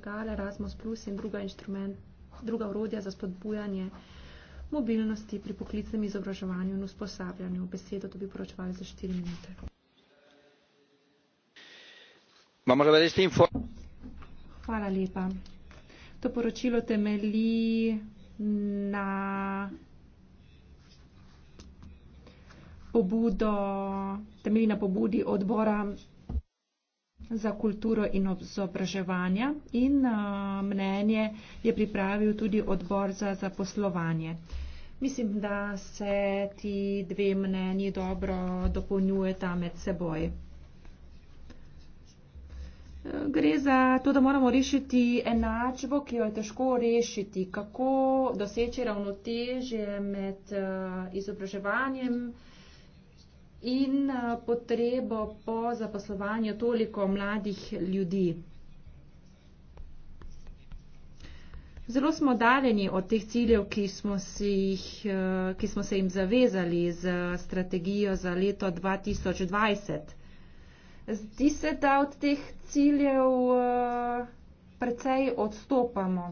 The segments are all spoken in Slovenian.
predlagali Erasmus Plus in druga inštrument, druga urodja za spodbujanje mobilnosti pri poklicnem izobraževanju in usposabljanju. Besedo to bi poročevali za 4 minute. Hvala lepa. To poročilo temeli na pobudo, temeli na pobudi odbora za kulturo in obzobraževanja in mnenje je pripravil tudi odbor za zaposlovanje. Mislim, da se ti dve mnenji dobro dopolnjujeta med seboj. Gre za to, da moramo rešiti enačbo, ki jo je težko rešiti, kako doseči ravnotežje med izobraževanjem in in eh, potrebo po zaposlovanju toliko mladih ljudi. Zelo smo daljeni od teh ciljev, ki smo, si jih, eh, ki smo se jim zavezali z strategijo za leto 2020. Zdi se, da od teh ciljev eh, precej odstopamo.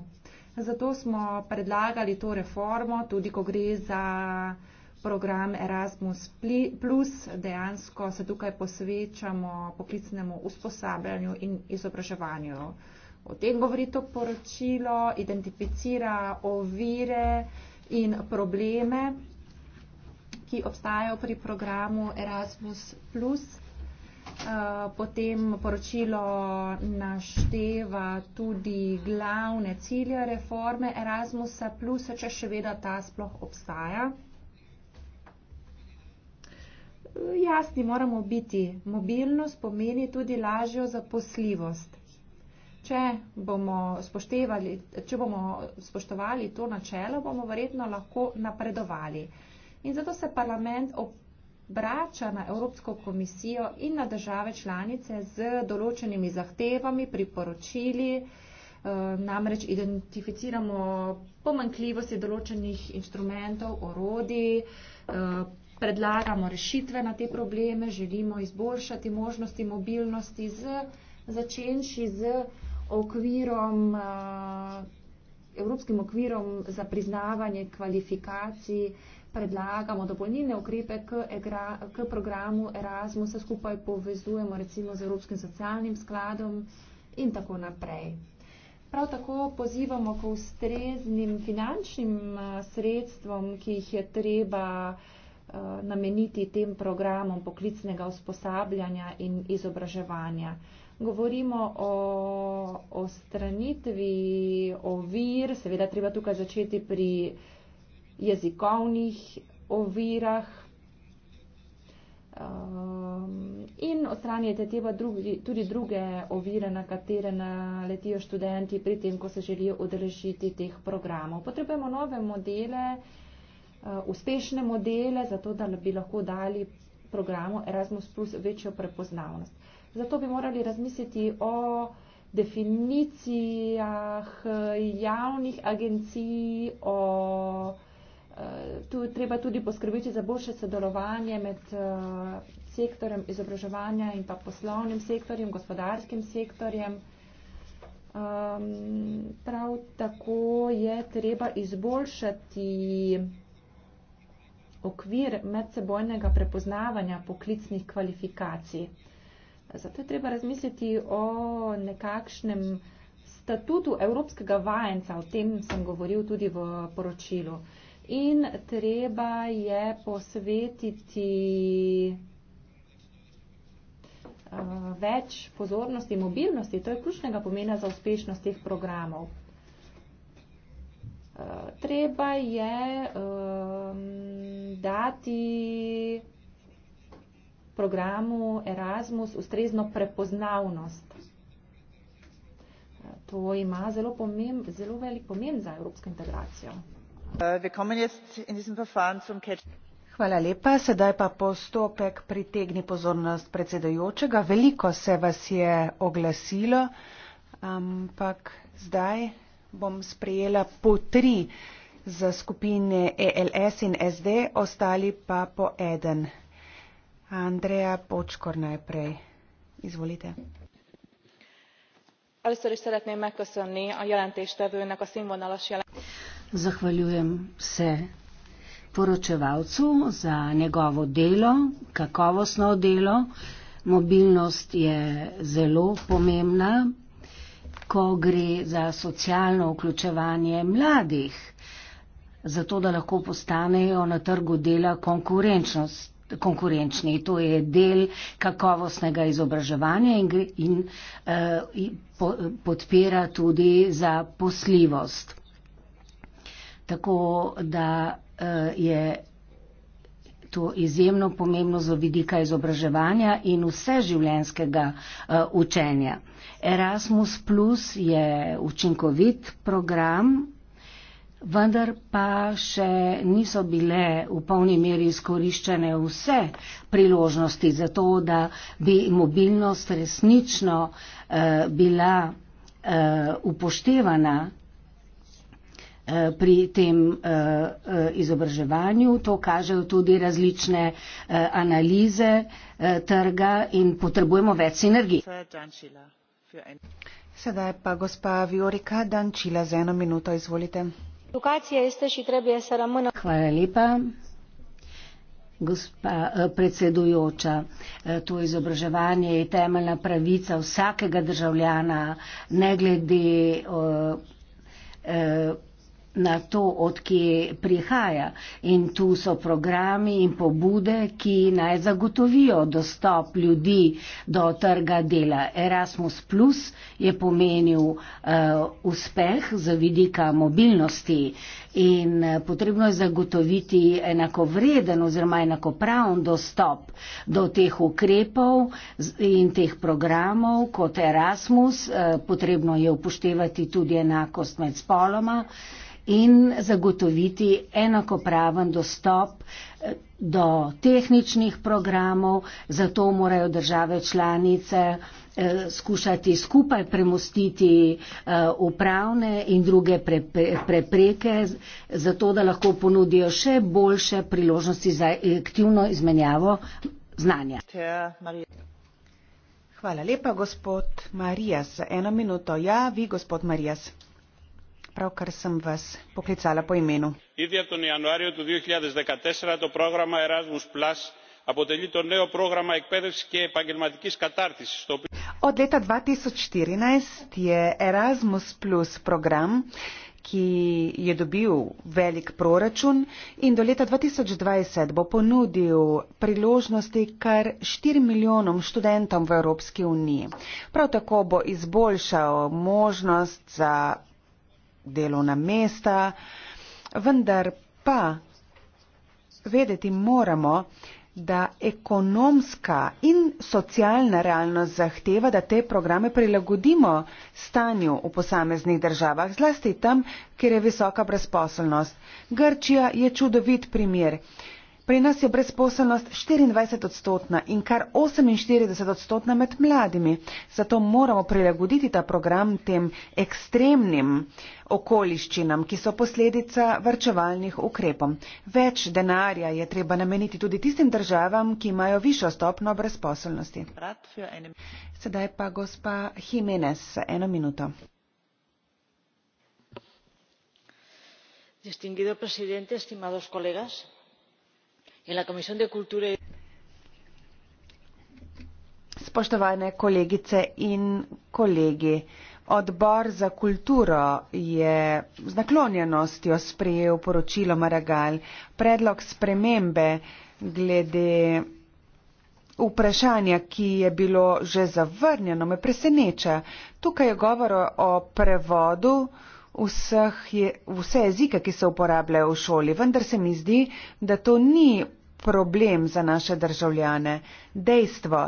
Zato smo predlagali to reformo, tudi ko gre za program Erasmus Plus. Dejansko se tukaj posvečamo poklicnemu usposabljanju in izobraževanju. O tem govori to poročilo, identificira ovire in probleme, ki obstajajo pri programu Erasmus Plus. Eh, potem poročilo našteva tudi glavne cilje reforme Erasmusa, plus če še vedno ta sploh obstaja jasni moramo biti. Mobilnost pomeni tudi lažjo zaposljivost. Če bomo, če bomo spoštovali to načelo, bomo verjetno lahko napredovali. In zato se parlament obrača na Evropsko komisijo in na države članice z določenimi zahtevami, priporočili, eh, namreč identificiramo pomankljivosti določenih instrumentov, orodij, eh, predlagamo rešitve na te probleme, želimo izboljšati možnosti mobilnosti z začenši z okvirom, evropskim okvirom za priznavanje kvalifikacij, predlagamo dopolnilne ukrepe k, egra, k programu Erasmus, skupaj povezujemo recimo z Evropskim socialnim skladom in tako naprej. Prav tako pozivamo k ustreznim finančnim sredstvom, ki jih je treba uh, Eh, nameniti tem programom poklicnega usposabljanja in izobraževanja. Govorimo o ostranitvi ovir, seveda treba tukaj začeti pri jezikovnih ovirah ehm, in ostranjete teba drugi, tudi druge ovire, na katere naletijo študenti pri tem, ko se želijo odrešiti teh programov. Potrebujemo nove modele. Eh, uspešne modele, zato da bi lahko dali programu Erasmus Plus večjo prepoznavnost. Zato bi morali razmisliti o definicijah eh, javnih agencij, o, eh, tu treba tudi poskrbiti za boljše sodelovanje med sektorem izobraževanja in pa poslovnim sektorjem, gospodarskim sektorjem. Ehm, prav tako je treba izboljšati okvir medsebojnega prepoznavanja poklicnih kvalifikacij. Zato je treba razmisliti o nekakšnem statutu evropskega vajenca, o tem sem govoril tudi v poročilu. In treba je posvetiti eh, več pozornosti in mobilnosti, to je ključnega pomena za uspešnost teh programov. Eh, treba je um, dati programu Erasmus ustrezno prepoznavnost. To ima zelo, pomemb, zelo velik pomen za evropsko integracijo. Uh, Hvala lepa. Sedaj pa postopek pritegni pozornost predsedojočega. Veliko se vas je oglasilo, ampak zdaj bom sprejela po tri za skupine ELS in SD, ostali pa po eden. Andreja Počkor najprej. Izvolite. Először is szeretném megköszönni a jelentéstevőnek a színvonalas jelentést. Zahvaljujem se poročevalcu za njegovo delo, kakovostno delo. Mobilnost je zelo pomembna, ko gre za socialno vključevanje mladih zato da lahko postanejo na trgu dela konkurenčnost. Konkurenčni. To je del kakovostnega izobraževanja in, in, eh, in po, podpira tudi za poslivost. Tako da eh, je to izjemno pomembno za vidika izobraževanja in vseživljenskega eh, učenja. Erasmus Plus je učinkovit program Vendar pa še niso bile v polni meri izkoriščene vse priložnosti za to, da bi mobilnost resnično eh, bila eh, upoštevana eh, pri tem eh, eh izobraževanju. To kažejo tudi različne eh, analize eh, trga in potrebujemo več sinergij. Sedaj pa gospa Viorika Dančila z eno minuto, izvolite educația este și trebuie să rămână. Hvala Gospa eh, predsedujoča, eh, to izobraževanje je temeljna pravica vsakega državljana, ne glede uh, uh, na to, odkje prihaja. In tu so programi in pobude, ki naj zagotovijo dostop ljudi do trga dela. Erasmus Plus je pomenil uh, uspeh za vidika mobilnosti in uh, potrebno je zagotoviti enakovreden oziroma enakopraven dostop do teh ukrepov in teh programov kot Erasmus. Uh, potrebno je upoštevati tudi enakost med spoloma in zagotoviti enakopraven dostop eh, do tehničnih programov, zato morajo države članice eh, skušati skupaj premostiti eh, upravne in druge prepreke, zato da lahko ponudijo še boljše priložnosti za aktivno izmenjavo znanja. Hvala lepa, gospod Marijas, za eno minuto. Ja, vi, gospod Marijas pravkar sem vas poklicala po imenu. od leta dva tisoč štirinajst je erasmus plus program ki je dobil velik proračun in do leta dva tisoč dvajset bo ponudil priložnosti kar štiri milijonom študentom v evropski uniji prav tako bo izboljšal možnost za delovna mesta, vendar pa vedeti moramo, da ekonomska in socialna realnost zahteva, da te programe prilagodimo stanju v posameznih državah, zlasti tam, kjer je visoka brezposelnost. Grčija je čudovit primer. Pri nas je brezposelnost 24 odstotna in kar 48 odstotna med mladimi, zato moramo prilagoditi ta program tem ekstremnim okoliščinam, ki so posledica vrčevalnih ukrepov. Več denarja je treba nameniti tudi tistim državam, ki imajo višjo stopno brezposelnosti. Sedaj pa gospa Jimenez, eno minuto. Distinguido presidente, estimados colegas spoštovane kolegice in kolegi odbor za kulturo je z naklonjenostjo sprejel poročilo maragall predlog spremembe glede vprašanja ki je bilo že zavrnjeno me preseneča tukaj je govora o prevodu vseh je vse jezike ki se uporabljajo v šoli vendar se mi zdi da to ni problem za naše državljane. Dejstvo,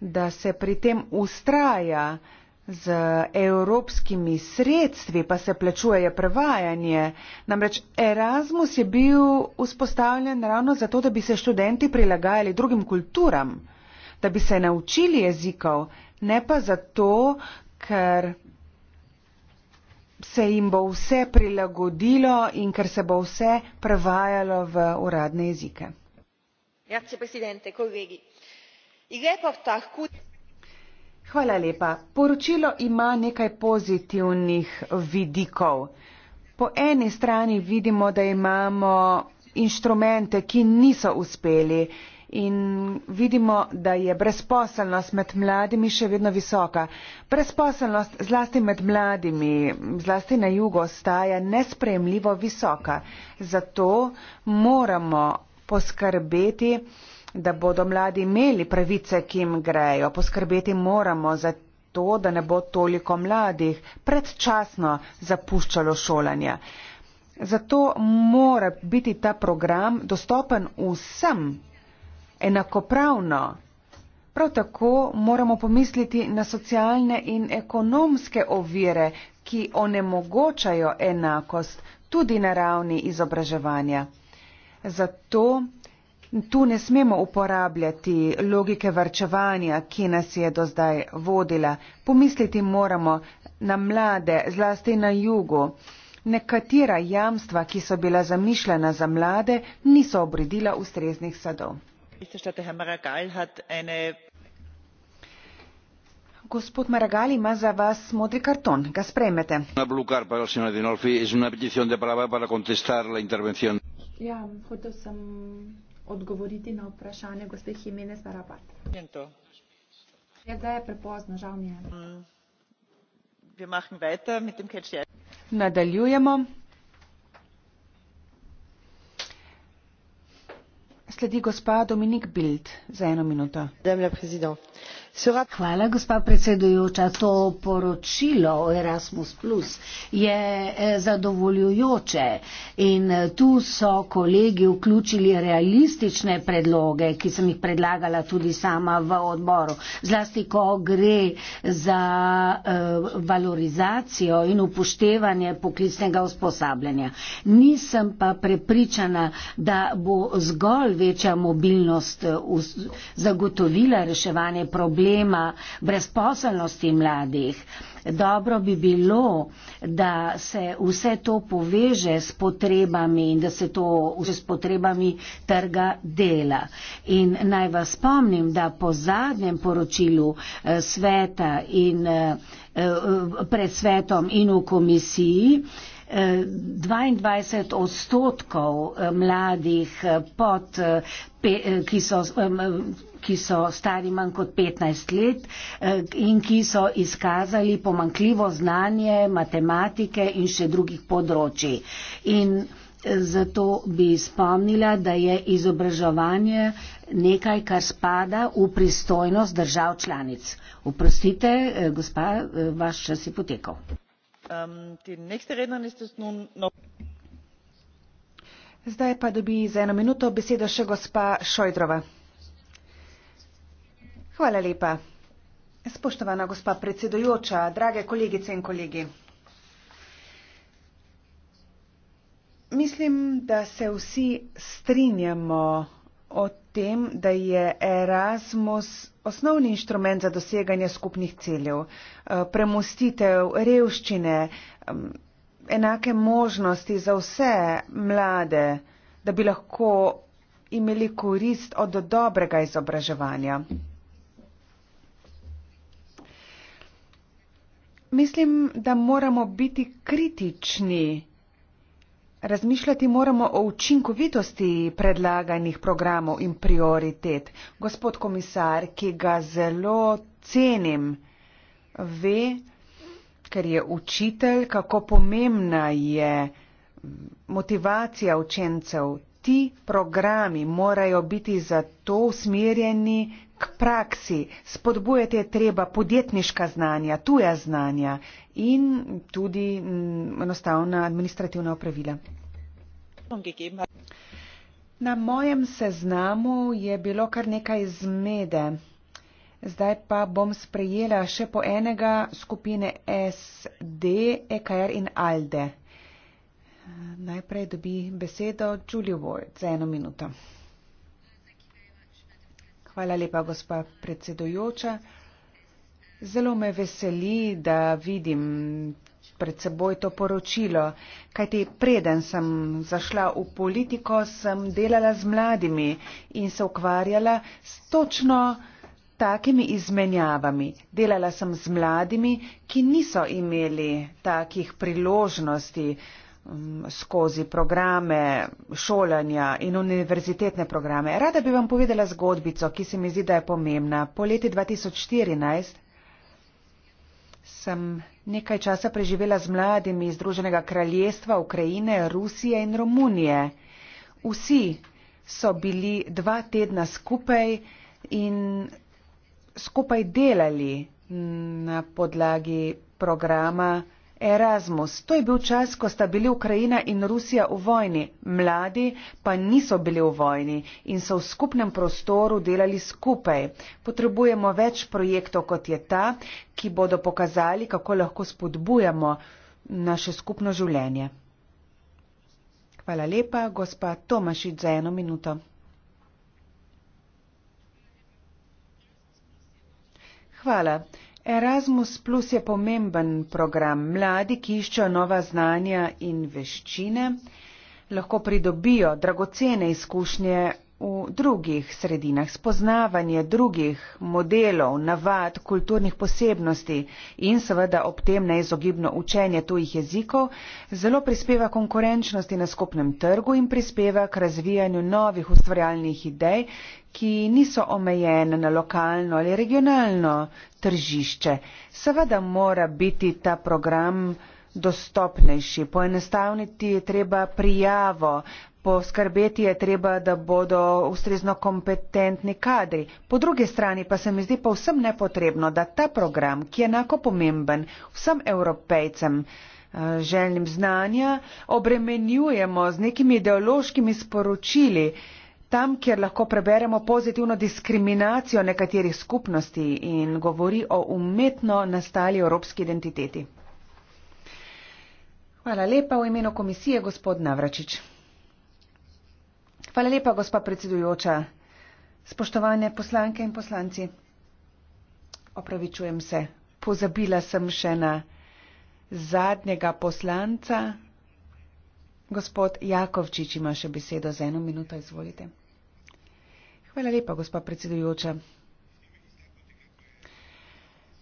da se pri tem ustraja z evropskimi sredstvi, pa se plačuje prevajanje. Namreč Erasmus je bil vzpostavljen ravno zato, da bi se študenti prilagajali drugim kulturam, da bi se naučili jezikov, ne pa zato, ker se jim bo vse prilagodilo in ker se bo vse prevajalo v uradne jezike signor presidente onorevoli colleghi poročilo ima nekaj pozitivnih vidikov. po eni strani vidimo da imamo inštrumente ki niso uspeli in vidimo da je brezposelnost med mladimi še vedno visoka. brezposelnost zlasti med mladimi zlasti na jugu ostaja nesprejemljivo visoka zato moramo poskrbeti, da bodo mladi imeli pravice, ki jim grejo. Poskrbeti moramo za to, da ne bo toliko mladih predčasno zapuščalo šolanje. Zato mora biti ta program dostopen vsem enakopravno. Prav tako moramo pomisliti na socialne in ekonomske ovire, ki onemogočajo enakost tudi na ravni izobraževanja. Zato tu ne smemo uporabljati logike varčevanja, ki nas je do zdaj vodila. Pomisliti moramo na mlade, zlasti na jugu. Nekatera jamstva, ki so bila zamišljena za mlade, niso obredila ustreznih sadov. Gospod Maragali ima za vas modri karton. Ga sprejmete. Una blu karpa, signor Dinolfi, es una petición de palabra para contestar la intervención. Ja, hotel sem odgovoriti na vprašanje gospe Jimene Zarabat. In to. Ja, zdaj je prepozno, žal mi je. Mm, Nadaljujemo. Sledi gospa Dominik Bild za eno minuto. Hvala, gospa predsedujoča. To poročilo o Erasmus Plus je e, zadovoljujoče in e, tu so kolegi vključili realistične predloge, ki sem jih predlagala tudi sama v odboru. Zlasti, ko gre za e, valorizacijo in upoštevanje poklicnega usposabljanja. Nisem pa prepričana, da bo zgolj večja mobilnost zagotovila reševanje problemov problema brezposelnosti mladih. Dobro bi bilo, da se vse to poveže s potrebami in da se to vse s potrebami trga dela. In naj vas spomnim, da po zadnjem poročilu eh, sveta in eh, eh, pred svetom in v komisiji 22 odstotkov eh, mladih eh, pod, eh, ki so, ki so stari manj kot 15 let in ki so izkazali pomankljivo znanje matematike in še drugih področji. In zato bi spomnila, da je izobraževanje nekaj, kar spada v pristojnost držav članic. Oprostite, gospa, vaš čas je potekal. Ähm, zdaj pa dobi za eno minuto besedo še gospa šojdrova hvala lepa spoštovana gospa predsedujoča drage kolegice in kolegi mislim da se vsi strinjamo o tem da je erasmus osnovni inštrument za doseganje skupnih ciljev, eh, premustitev revščine, enake možnosti za vse mlade, da bi lahko imeli korist od dobrega izobraževanja. Mislim, da moramo biti kritični. Razmišljati moramo o učinkovitosti predlaganih programov in prioritet. Gospod komisar, ki ga zelo cenim, ve, ker je učitelj, kako pomembna je motivacija učencev, ti programi morajo biti zato usmerjeni k praksi. Spodbujati je treba podjetniška znanja, tuja znanja in tudi m, mm, enostavna administrativna opravila. Na mojem seznamu je bilo kar nekaj zmede. Zdaj pa bom sprejela še po enega skupine SD, EKR in ALDE. Najprej dobi besedo Julie Ward za eno minuto. Hvala lepa, gospa predsedujoča. Zelo me veseli, da vidim pred seboj to poročilo, kajti preden sem zašla v politiko, sem delala z mladimi in se ukvarjala s točno takimi izmenjavami. Delala sem z mladimi, ki niso imeli takih priložnosti, uh, Mm, skozi programe šolanja in univerzitetne programe. Rada bi vam povedala zgodbico, ki se mi zdi, da je pomembna. Po leti 2014 sem nekaj časa preživela z mladimi iz Združenega kraljestva, Ukrajine, Rusije in Romunije. Vsi so bili dva tedna skupaj in skupaj delali mm, na podlagi programa Erasmus, to je bil čas, ko sta bili Ukrajina in Rusija v vojni, mladi pa niso bili v vojni in so v skupnem prostoru delali skupaj. Potrebujemo več projektov kot je ta, ki bodo pokazali, kako lahko spodbujamo naše skupno življenje. Hvala lepa, gospa Tomašič, za eno minuto. Hvala. Erasmus Plus je pomemben program. Mladi, ki iščejo nova znanja in veščine, lahko pridobijo dragocene izkušnje v drugih sredinah, spoznavanje drugih modelov, navad, kulturnih posebnosti in seveda ob tem neizogibno učenje tujih jezikov zelo prispeva konkurenčnosti na skupnem trgu in prispeva k razvijanju novih ustvarjalnih idej, ki niso omejene na lokalno ali regionalno tržišče. Seveda mora biti ta program dostopnejši, poenostavniti je treba prijavo, poskrbeti je treba, da bodo ustrezno kompetentni kadri. Po drugi strani pa se mi zdi povsem nepotrebno, da ta program, ki je enako pomemben vsem evropejcem, eh, željnim znanja, obremenjujemo z nekimi ideološkimi sporočili, tam, kjer lahko preberemo pozitivno diskriminacijo nekaterih skupnosti in govori o umetno nastali evropski identiteti. Hvala lepa v imenu komisije, gospod Navračič. Hvala lepa, gospa predsedujoča. Spoštovane poslanke in poslanci, opravičujem se, pozabila sem še na zadnjega poslanca. Gospod Jakovčič ima še besedo za eno minuto, izvolite. Hvala lepa, gospa predsedujoča.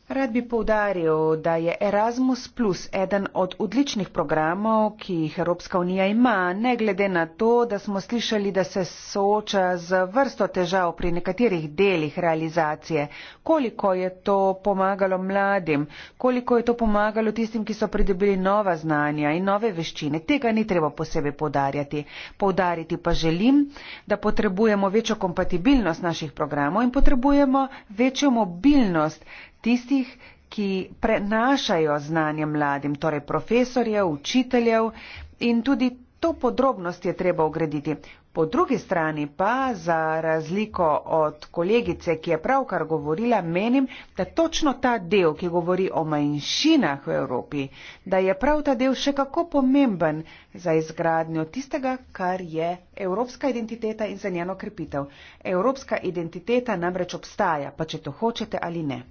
Rad bi povdaril, da je Erasmus Plus eden od odličnih programov, ki jih Evropska unija ima, ne glede na to, da smo slišali, da se sooča z vrsto težav pri nekaterih delih realizacije, koliko je to pomagalo mladim, koliko je to pomagalo tistim, ki so pridobili nova znanja in nove veščine. Tega ni treba posebej povdarjati. Povdariti pa želim, da potrebujemo večjo kompatibilnost naših programov in potrebujemo večjo mobilnost tistih, ki prenašajo znanje mladim, torej profesorjev, učiteljev in tudi to podrobnost je treba ugraditi. Po drugi strani pa, za razliko od kolegice, ki je pravkar govorila, menim, da točno ta del, ki govori o manjšinah v Evropi, da je prav ta del še kako pomemben za izgradnjo tistega, kar je evropska identiteta in za njeno krepitev. Evropska identiteta namreč obstaja, pa če to hočete ali ne.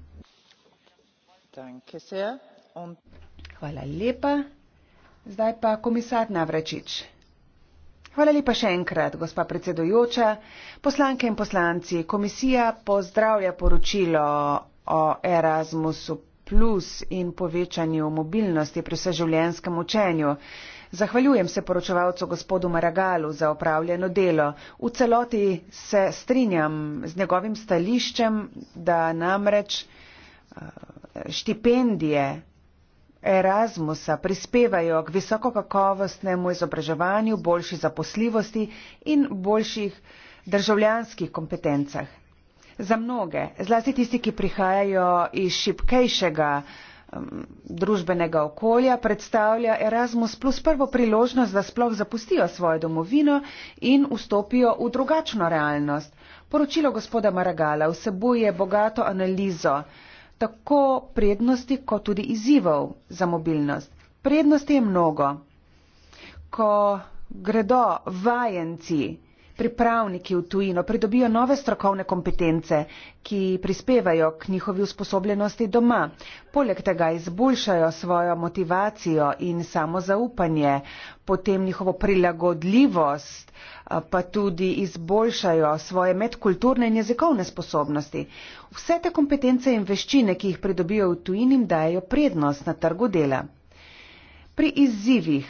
Hvala lepa. Zdaj pa komisar Navračič. Hvala lepa še enkrat, gospa predsedojoča. Poslanke in poslanci, komisija pozdravlja poročilo o Erasmusu plus in povečanju mobilnosti pri vseživljenjskem učenju. Zahvaljujem se poročevalcu gospodu Maragalu za opravljeno delo. V celoti se strinjam z njegovim stališčem, da namreč eh, štipendije Erasmusa prispevajo k visokokakovostnemu izobraževanju, boljši zaposljivosti in boljših državljanskih kompetencah. Za mnoge, zlasti tisti, ki prihajajo iz šipkejšega um, družbenega okolja, predstavlja Erasmus plus prvo priložnost, da sploh zapustijo svojo domovino in vstopijo v drugačno realnost. Poročilo gospoda Maragala vsebuje bogato analizo tako prednosti kot tudi izzivov za mobilnost. Prednosti je mnogo. Ko gredo vajenci, pripravniki v tujino pridobijo nove strokovne kompetence, ki prispevajo k njihovi usposobljenosti doma. Poleg tega izboljšajo svojo motivacijo in samozaupanje, potem njihovo prilagodljivost, eh, pa tudi izboljšajo svoje medkulturne in jezikovne sposobnosti. Vse te kompetence in veščine, ki jih pridobijo v tujinim, dajo prednost na trgu dela. Pri izzivih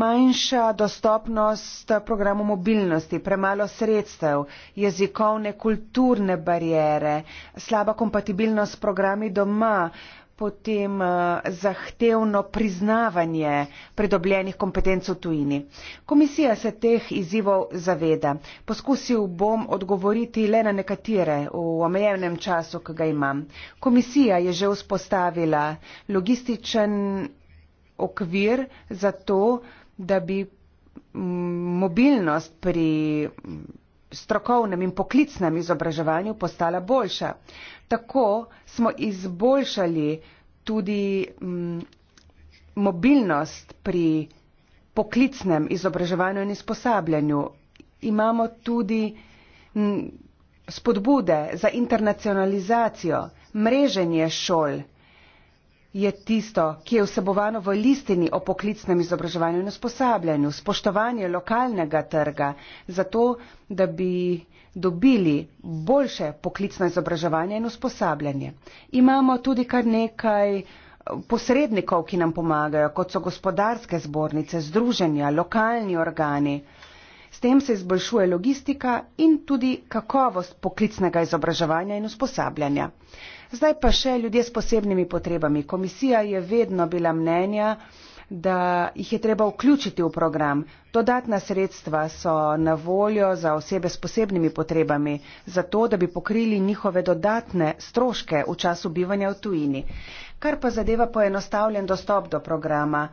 manjša dostopnost programu mobilnosti, premalo sredstev, jezikovne kulturne barijere, slaba kompatibilnost s programi doma, potem uh, zahtevno priznavanje pridobljenih kompetenc v tujini. Komisija se teh izzivov zaveda. Poskusil bom odgovoriti le na nekatere v omejenem času, ki ga imam. Komisija je že vzpostavila logističen okvir za to, da bi mobilnost pri strokovnem in poklicnem izobraževanju postala boljša. Tako smo izboljšali tudi mm, mobilnost pri poklicnem izobraževanju in izposabljanju. Imamo tudi mm, spodbude za internacionalizacijo, mreženje šol, je tisto, ki je vsebovano v listini o poklicnem izobraževanju in usposabljanju, spoštovanje lokalnega trga, zato da bi dobili boljše poklicno izobraževanje in usposabljanje. Imamo tudi kar nekaj eh, posrednikov, ki nam pomagajo, kot so gospodarske zbornice, združenja, lokalni organi. S tem se izboljšuje logistika in tudi kakovost poklicnega izobraževanja in usposabljanja. Zdaj pa še ljudje s posebnimi potrebami. Komisija je vedno bila mnenja, da jih je treba vključiti v program. Dodatna sredstva so na voljo za osebe s posebnimi potrebami, zato da bi pokrili njihove dodatne stroške v času bivanja v tujini. Kar pa zadeva poenostavljen dostop do programa.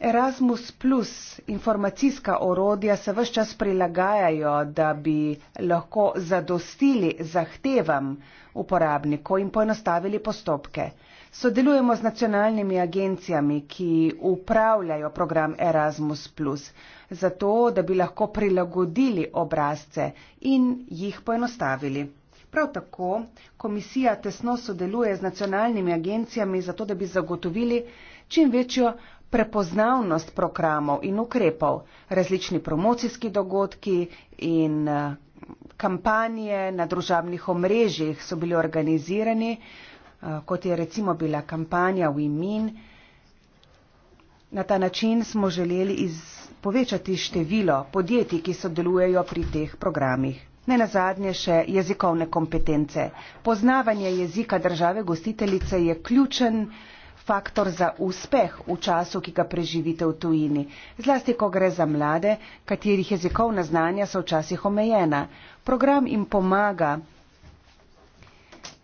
Erasmus plus informacijska orodja se vse čas prilagajajo, da bi lahko zadostili zahtevam uporabnikov in poenostavili postopke. Sodelujemo z nacionalnimi agencijami, ki upravljajo program Erasmus plus, zato da bi lahko prilagodili obrazce in jih poenostavili. Prav tako komisija tesno sodeluje z nacionalnimi agencijami, zato da bi zagotovili čim večjo prepoznavnost programov in ukrepov, različni promocijski dogodki in eh, kampanje na družabnih omrežjih so bili organizirani, eh, kot je recimo bila kampanja WeMean. Na ta način smo želeli povečati število podjetij, ki sodelujejo pri teh programih. Ne na zadnje še jezikovne kompetence. Poznavanje jezika države gostiteljice je ključen faktor za uspeh v času, ki ga preživite v tujini. Zlasti, ko gre za mlade, katerih jezikovna znanja so včasih omejena. Program jim pomaga,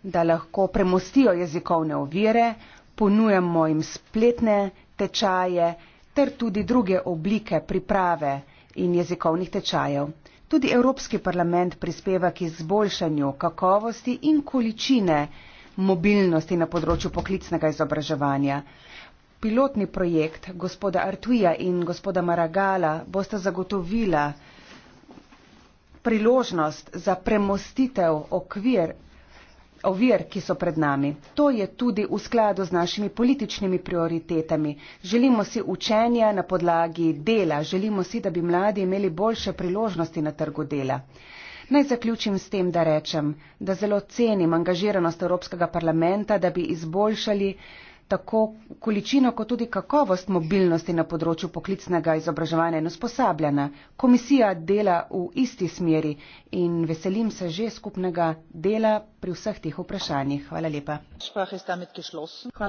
da lahko premostijo jezikovne ovire, ponujamo jim spletne tečaje ter tudi druge oblike priprave in jezikovnih tečajev. Tudi Evropski parlament prispeva k izboljšanju kakovosti in količine mobilnosti na področju poklicnega izobraževanja. Pilotni projekt gospoda Artuja in gospoda Maragala boste zagotovila priložnost za premostitev okvir ovir, ki so pred nami. To je tudi v skladu z našimi političnimi prioritetami. Želimo si učenja na podlagi dela, želimo si, da bi mladi imeli boljše priložnosti na trgu dela. Naj zaključim s tem, da rečem, da zelo cenim angažiranost Evropskega parlamenta, da bi izboljšali tako količino, kot tudi kakovost mobilnosti na področju poklicnega izobraževanja in usposabljanja. Komisija dela v isti smeri in veselim se že skupnega dela pri vseh teh vprašanjih. Hvala lepa.